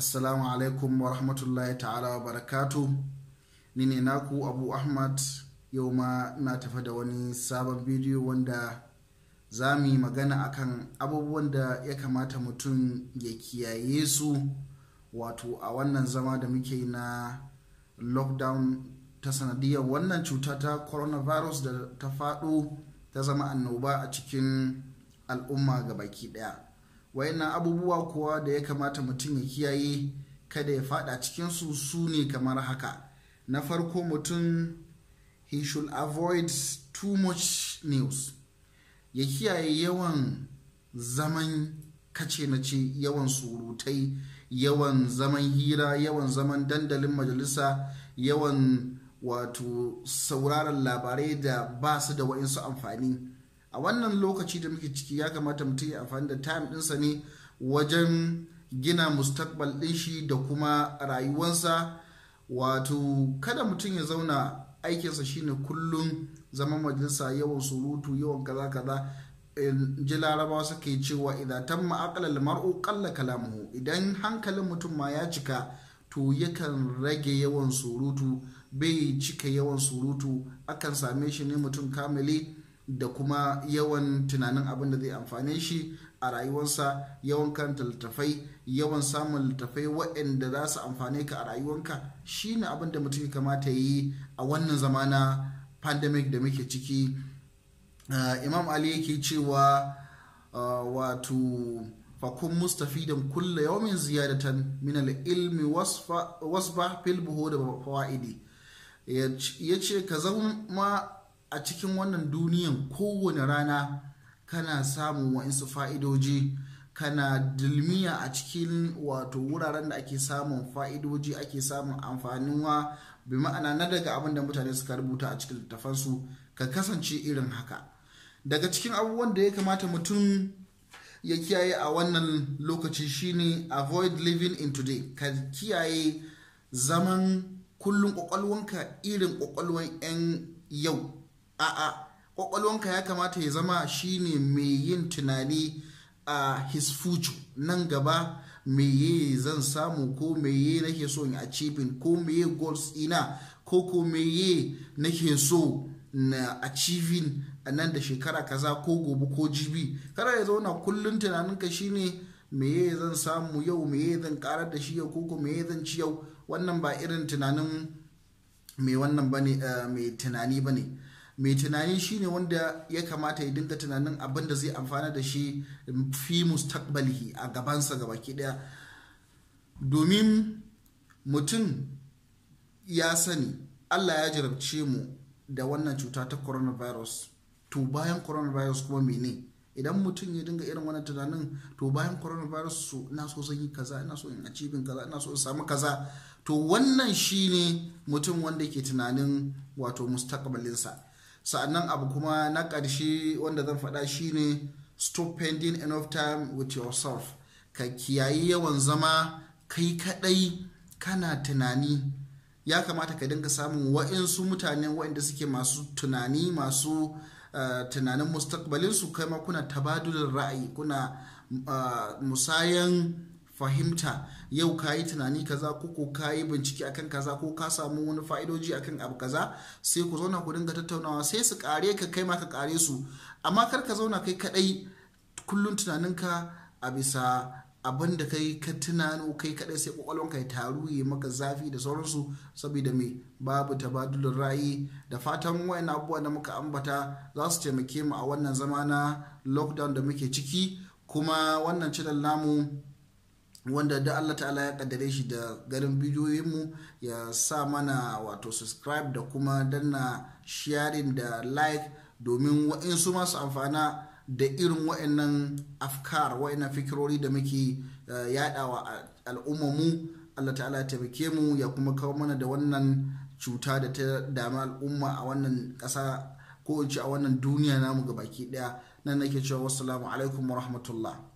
assalamu alaikum wa rahmatullahi ta'ala wa barakatu ni ne naku abu ahmad yau ma na tafa da wani sabon bidiyo wanda za mu yi magana akan abubuwan da ya kamata mutum ya kiyaye su wato a wannan zama da muke na lockdown ta sanadiyar wannan cuta ta coronavirus da ta faɗo ta zama annoba a cikin al'umma ga baki ɗaya wayannan abubuwa kuwa da ya kamata mutum ya kiyaye kada ya fada cikinsu su ne kamar haka na farko mutum he should avoid too much news ya kiyaye yawan zaman kace na ce yawan surutai yawan zaman hira yawan zaman dandalin majalisa yawan wato sauraron labarai da ba su da wa'insu amfani a wannan lokaci da muke ciki ya kamata mutum ya amfani da time ɗinsa ne wajen gina mustakbal ɗin shi da kuma rayuwarsa wato kada mutum ya zauna aikinsa shine kullum zama majalisa yawan surutu yawan kaza kaza ji larabawa suka cewa idan tamma aqlal mar'u kalla kalamu idan hankalin mutum ma ya cika to yakan rage yawan surutu bai cika yawan surutu akan same shi ne mutum kamili da kuma yawan tunanin abin da zai amfane shi a rayuwarsa yawan karanta littattafai yawan samun littattafai waɗanda za su amfane ka a rayuwanka ne abin da mutum kamata yi a wannan zamana pandemic da muke ciki uh, imam ali yake cewa uh, wato fakun mustafidan kulla yawmin ziyadatan minal ilmi wasfa fil buhur da fawaidi ya ce ka zama a cikin wannan duniyan kowane rana kana samun wa'insu fa'idoji kana dilmiya a cikin wato wuraren da ake samun fa'idoji ake samun amfaninwa bi ma'ana na daga abin da mutane suka rubuta a cikin littafansu ka kasance irin haka daga cikin abubuwan da ya kamata mutum ya kiyaye a wannan lokaci shine avoid living in today ka kiyaye zaman kullum kwakwalwanka irin kwakwalwan 'yan yau a'a kwakwalwanka ya kamata ya zama shine mai yin tunani a his future nan gaba meye zan samu ko meye nake so a achieving ko meye goals ina ko ko meye nake so na achieving a nan da shekara kaza ko gobe ko jibi kada ya zauna kullum tunaninka shine meye zan samu yau meye zan karar da shi yau ko meye zan ci yau wannan ba irin tunanin mai wannan bane eh, mai tunani bane mai tunani shine wanda ya kamata ya dinga tunanin abin da zai amfana da shi fi mustaqbalihi a gabansa gabaki daya domin mutum ya sani allah ya jarabce mu da wannan cuta ta coronavirus to bayan coronavirus kuma mene idan mutum ya dinga irin wannan tunanin to bayan coronavirus su na so zan yi kaza ina so in achieving kaza ina so in samu kaza to wannan shine mutum wanda ke tunanin wato mustaqbalinsa sa'annan abu kuma na ƙarshe wanda zan faɗa shine stop spending enough time with yourself ka kiyayi yawan zama kai kaɗai kana tunani ya kamata ka dinga samun wa'insu mutane wa'inda suke masu tunani masu eh, tunanin mustakbalinsu kai ma kuna tabadulin ra'ayi kuna eh, musayan fahimta yau ka yi tunani kaza ko ko ka yi bincike akan kaza ko ka samu wani fa'idoji akan abu kaza sai ku zauna ku dinga tattaunawa sai su kare ka kai ma kare su amma kar ka zauna kai kadai kullun tunaninka a bisa abin da kai ka tunano kai kadai sai kwakwalwanka ya taru ya maka zafi da sauransu saboda mai babu tabadulin ra'ayi da fatan wayan abuwa da muka ambata za su taimake mu a wannan zama na lockdown da muke ciki kuma wannan cidan namu wanda da Allah ta'ala ya kaddare shi da garin bidiyoyinmu ya sa mana wato subscribe da kuma danna sharing da like domin waɗansu masu amfana da irin wa'annan afkar wa'annan fikirori da muke eh, yadawa al'ummamu Allah ta'ala ya taimake mu ya kuma kawo mana da wannan cuta da ta dami al'umma a wannan kasa ko in a wannan duniya namu gabaki ɗaya nan nake cewa wasu alaikum wa rahmatullah